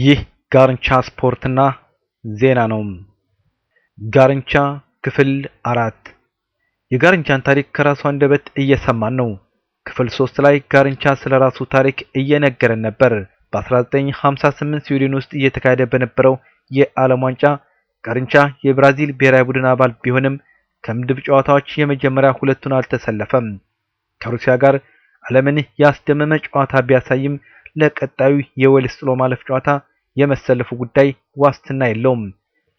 ይህ ጋርንቻ ስፖርትና ዜና ነው። ጋርንቻ ክፍል አራት የጋርንቻን ታሪክ ከራሱ አንደበት እየሰማን ነው። ክፍል ሶስት ላይ ጋርንቻ ስለ ራሱ ታሪክ እየነገረን ነበር። በ1958 ስዊድን ውስጥ እየተካሄደ በነበረው የዓለም ዋንጫ ጋርንቻ የብራዚል ብሔራዊ ቡድን አባል ቢሆንም ከምድብ ጨዋታዎች የመጀመሪያ ሁለቱን አልተሰለፈም። ከሩሲያ ጋር ዓለምን ያስደመመ ጨዋታ ቢያሳይም ለቀጣዩ የወልስ ጥሎ ማለፍ ጨዋታ የመሰለፉ ጉዳይ ዋስትና የለውም።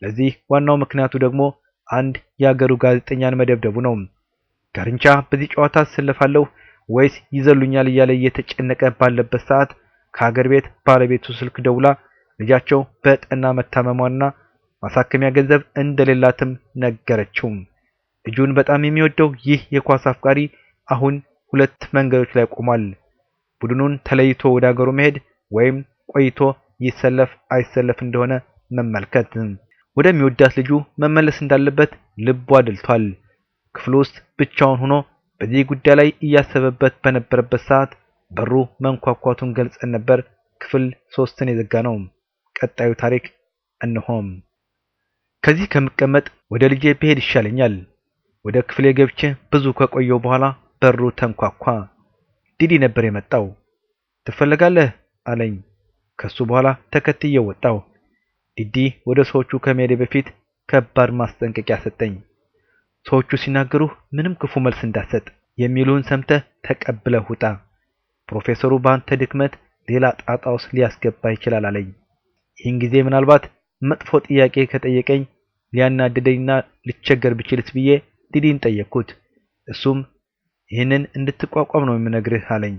ለዚህ ዋናው ምክንያቱ ደግሞ አንድ የአገሩ ጋዜጠኛን መደብደቡ ነው። ጋርንቻ በዚህ ጨዋታ አሰለፋለሁ ወይስ ይዘሉኛል እያለ እየተጨነቀ ባለበት ሰዓት ከሀገር ቤት ባለቤቱ ስልክ ደውላ ልጃቸው በጠና መታመሟና ማሳከሚያ ገንዘብ እንደሌላትም ነገረችው። እጁን በጣም የሚወደው ይህ የኳስ አፍቃሪ አሁን ሁለት መንገዶች ላይ ቆሟል። ቡድኑን ተለይቶ ወደ አገሩ መሄድ ወይም ቆይቶ ይሰለፍ አይሰለፍ እንደሆነ መመልከት፣ ወደሚወዳት ልጁ መመለስ እንዳለበት ልቡ አድልቷል። ክፍሉ ውስጥ ብቻውን ሆኖ በዚህ ጉዳይ ላይ እያሰበበት በነበረበት ሰዓት በሩ መንኳኳቱን ገልጸን ነበር። ክፍል ሶስትን የዘጋ ነው። ቀጣዩ ታሪክ እነሆም። ከዚህ ከምቀመጥ ወደ ልጄ ብሄድ ይሻለኛል። ወደ ክፍሌ ገብቼ ብዙ ከቆየው በኋላ በሩ ተንኳኳ። ዲዲ ነበር የመጣው። ትፈለጋለህ አለኝ። ከሱ በኋላ ተከትዬው ወጣው። ዲዲ ወደ ሰዎቹ ከመሄዴ በፊት ከባድ ማስጠንቀቂያ ሰጠኝ። ሰዎቹ ሲናገሩህ ምንም ክፉ መልስ እንዳትሰጥ፣ የሚሉህን ሰምተህ ተቀብለህ ውጣ። ፕሮፌሰሩ በአንተ ድክመት ሌላ ጣጣ ውስጥ ሊያስገባ ይችላል አለኝ። ይህን ጊዜ ምናልባት መጥፎ ጥያቄ ከጠየቀኝ ሊያናድደኝና ልቸገር ብችልስ ብዬ ዲዲን ጠየቅኩት። እሱም ይህንን እንድትቋቋም ነው የምነግርህ አለኝ።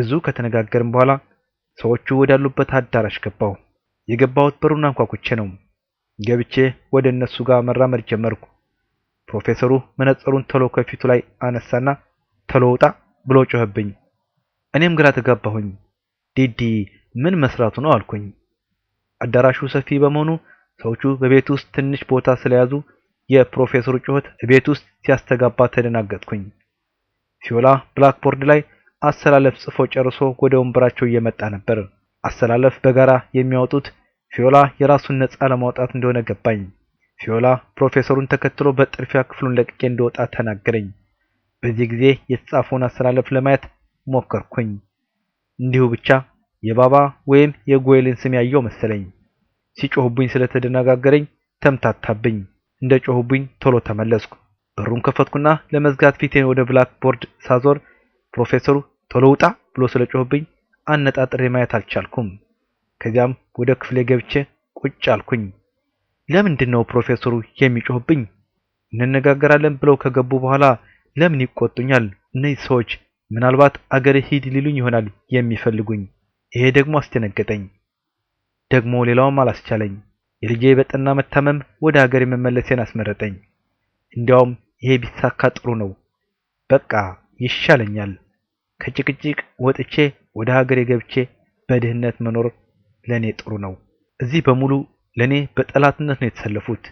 ብዙ ከተነጋገርን በኋላ ሰዎቹ ወዳሉበት አዳራሽ ገባሁ። የገባሁት በሩን አንኳኩቼ ነው። ገብቼ ወደ እነሱ ጋር መራመድ ጀመርኩ። ፕሮፌሰሩ መነጽሩን ተሎ ከፊቱ ላይ አነሳና ተሎ ውጣ ብሎ ጮኸብኝ። እኔም ግራ ተጋባሁኝ። ዲዲ ምን መስራቱ ነው አልኩኝ። አዳራሹ ሰፊ በመሆኑ ሰዎቹ በቤት ውስጥ ትንሽ ቦታ ስለያዙ የፕሮፌሰሩ ጩኸት ቤት ውስጥ ሲያስተጋባ ተደናገጥኩኝ። ሲዮላ ብላክቦርድ ላይ አሰላለፍ ጽፎ ጨርሶ ወደ ወንበራቸው እየመጣ ነበር። አሰላለፍ በጋራ የሚያወጡት ፊዮላ የራሱን ነፃ ለማውጣት እንደሆነ ገባኝ። ፊዮላ ፕሮፌሰሩን ተከትሎ በጥርፊያ ክፍሉን ለቅቄ እንደወጣ ተናገረኝ። በዚህ ጊዜ የተጻፈውን አሰላለፍ ለማየት ሞከርኩኝ። እንዲሁ ብቻ የባባ ወይም የጎይልን ስም ያየው መሰለኝ። ሲጮህብኝ ስለተደነጋገረኝ ተምታታብኝ። እንደ ጮህብኝ ቶሎ ተመለስኩ። በሩን ከፈትኩና ለመዝጋት ፊቴን ወደ ብላክ ቦርድ ሳዞር ፕሮፌሰሩ ቶሎ ውጣ ብሎ ስለጮህብኝ አነጣጥሬ ማየት አልቻልኩም። ከዚያም ወደ ክፍሌ ገብቼ ቁጭ አልኩኝ። ለምንድን ነው ፕሮፌሰሩ የሚጮህብኝ? እንነጋገራለን ብለው ከገቡ በኋላ ለምን ይቆጡኛል? እነዚህ ሰዎች ምናልባት አገር ሂድ ሊሉኝ ይሆናል የሚፈልጉኝ። ይሄ ደግሞ አስደነገጠኝ። ደግሞ ሌላውም አላስቻለኝ። የልጄ በጠና መታመም ወደ ሀገር የመመለሴን አስመረጠኝ። እንዲያውም ይሄ ቢሳካ ጥሩ ነው። በቃ ይሻለኛል። ከጭቅጭቅ ወጥቼ ወደ ሀገሬ ገብቼ በድህነት መኖር ለእኔ ጥሩ ነው። እዚህ በሙሉ ለእኔ በጠላትነት ነው የተሰለፉት።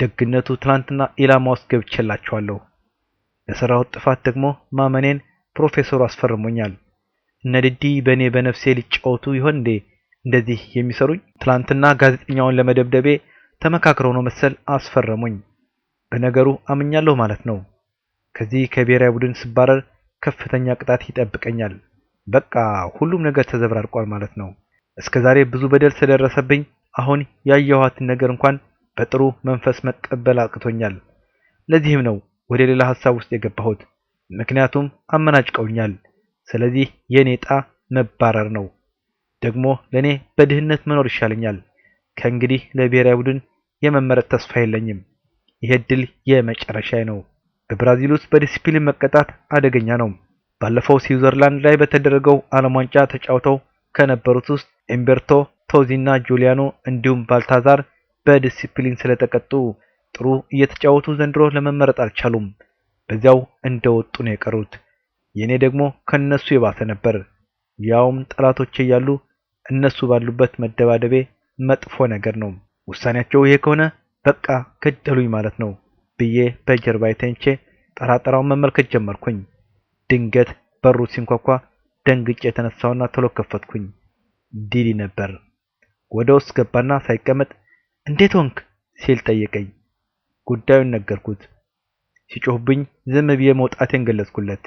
ደግነቱ ትናንትና ኢላማ ውስጥ ገብቼላቸዋለሁ። ለሰራሁት ጥፋት ደግሞ ማመኔን ፕሮፌሰሩ አስፈርሞኛል። እነድዲ በእኔ በነፍሴ ሊጫወቱ ይሆን እንዴ እንደዚህ የሚሰሩኝ? ትናንትና ጋዜጠኛውን ለመደብደቤ ተመካክረው ነው መሰል አስፈረሙኝ። በነገሩ አምኛለሁ ማለት ነው። ከዚህ ከብሔራዊ ቡድን ስባረር ከፍተኛ ቅጣት ይጠብቀኛል። በቃ ሁሉም ነገር ተዘብራርቋል ማለት ነው። እስከዛሬ ብዙ በደል ስለደረሰብኝ አሁን ያየኋትን ነገር እንኳን በጥሩ መንፈስ መቀበል አቅቶኛል። ለዚህም ነው ወደ ሌላ ሀሳብ ውስጥ የገባሁት፣ ምክንያቱም አመናጭቀውኛል። ስለዚህ የኔ ዕጣ መባረር ነው። ደግሞ ለኔ በድህነት መኖር ይሻለኛል። ከእንግዲህ ለብሔራዊ ቡድን የመመረጥ ተስፋ የለኝም። ይሄ ድል የመጨረሻ ነው። በብራዚል ውስጥ በዲሲፕሊን መቀጣት አደገኛ ነው። ባለፈው ስዊዘርላንድ ላይ በተደረገው ዓለም ዋንጫ ተጫውተው ከነበሩት ውስጥ ኤምቤርቶ ቶዚና ጁሊያኖ እንዲሁም ባልታዛር በዲሲፕሊን ስለተቀጡ ጥሩ እየተጫወቱ ዘንድሮ ለመመረጥ አልቻሉም። በዚያው እንደወጡ ነው የቀሩት። የኔ ደግሞ ከነሱ የባሰ ነበር። ያውም ጠላቶቼ እያሉ እነሱ ባሉበት መደባደቤ መጥፎ ነገር ነው። ውሳኔያቸው ይሄ ከሆነ በቃ ገደሉኝ ማለት ነው። ብዬ በጀርባዬ ተንቼ ጠራጠራውን መመልከት ጀመርኩኝ። ድንገት በሩ ሲንኳኳ ደንግጬ የተነሳውና ቶሎ ከፈትኩኝ። ዲዲ ነበር። ወደ ውስጥ ገባና ሳይቀመጥ እንዴት ሆንክ ሲል ጠየቀኝ። ጉዳዩን ነገርኩት። ሲጮህብኝ ዝም ብዬ መውጣቴን ገለጽኩለት።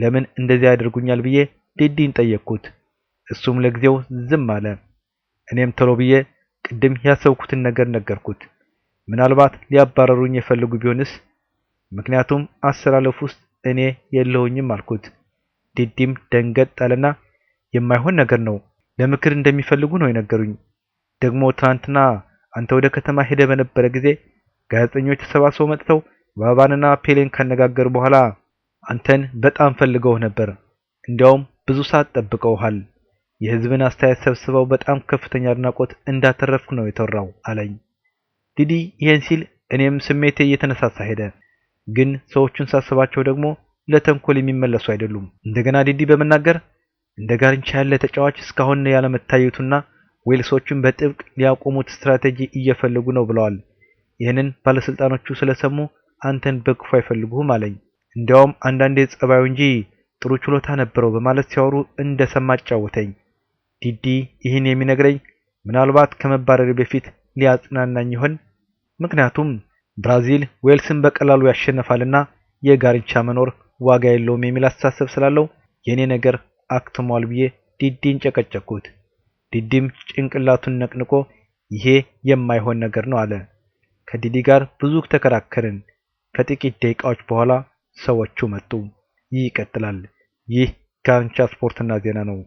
ለምን እንደዚህ ያደርጉኛል ብዬ ዲዲን ጠየቅኩት። እሱም ለጊዜው ዝም አለ። እኔም ቶሎ ብዬ ቅድም ያሰብኩትን ነገር ነገርኩት። ምናልባት ሊያባረሩኝ የፈልጉ ቢሆንስ? ምክንያቱም አሰላለፍ ውስጥ እኔ የለውኝም አልኩት። ዲዲም ደንገጥ አለና የማይሆን ነገር ነው፣ ለምክር እንደሚፈልጉ ነው የነገሩኝ። ደግሞ ትናንትና አንተ ወደ ከተማ ሄደ በነበረ ጊዜ ጋዜጠኞች ተሰባስበው መጥተው ባባንና ፔሌን ካነጋገሩ በኋላ አንተን በጣም ፈልገውህ ነበር። እንዲያውም ብዙ ሰዓት ጠብቀውሃል። የህዝብን አስተያየት ሰብስበው በጣም ከፍተኛ አድናቆት እንዳተረፍክ ነው የተወራው አለኝ። ዲዲ ይሄን ሲል እኔም ስሜቴ እየተነሳሳ ሄደ። ግን ሰዎቹን ሳስባቸው ደግሞ ለተንኮል የሚመለሱ አይደሉም። እንደገና ዲዲ በመናገር እንደ ጋርንቻ ያለ ተጫዋች እስካሁን ያለመታየቱና ዌልሶቹን በጥብቅ ሊያቆሙት ስትራቴጂ እየፈለጉ ነው ብለዋል። ይህንን ባለስልጣኖቹ ስለሰሙ አንተን በክፉ አይፈልጉህም አለኝ። እንዲያውም አንዳንዴ ጸባዩ እንጂ ጥሩ ችሎታ ነበረው በማለት ሲያወሩ እንደሰማ አጫወተኝ። ዲዲ ይህን የሚነግረኝ ምናልባት ከመባረር በፊት ሊያጽናናኝ ይሆን? ምክንያቱም ብራዚል ዌልስን በቀላሉ ያሸነፋልና የጋርንቻ መኖር ዋጋ የለውም የሚል አስተሳሰብ ስላለው የእኔ ነገር አክትሟል ብዬ ዲዲን ጨቀጨኩት። ዲዲም ጭንቅላቱን ነቅንቆ ይሄ የማይሆን ነገር ነው አለ። ከዲዲ ጋር ብዙ ተከራከርን። ከጥቂት ደቂቃዎች በኋላ ሰዎቹ መጡ። ይህ ይቀጥላል። ይህ ጋርንቻ ስፖርትና ዜና ነው።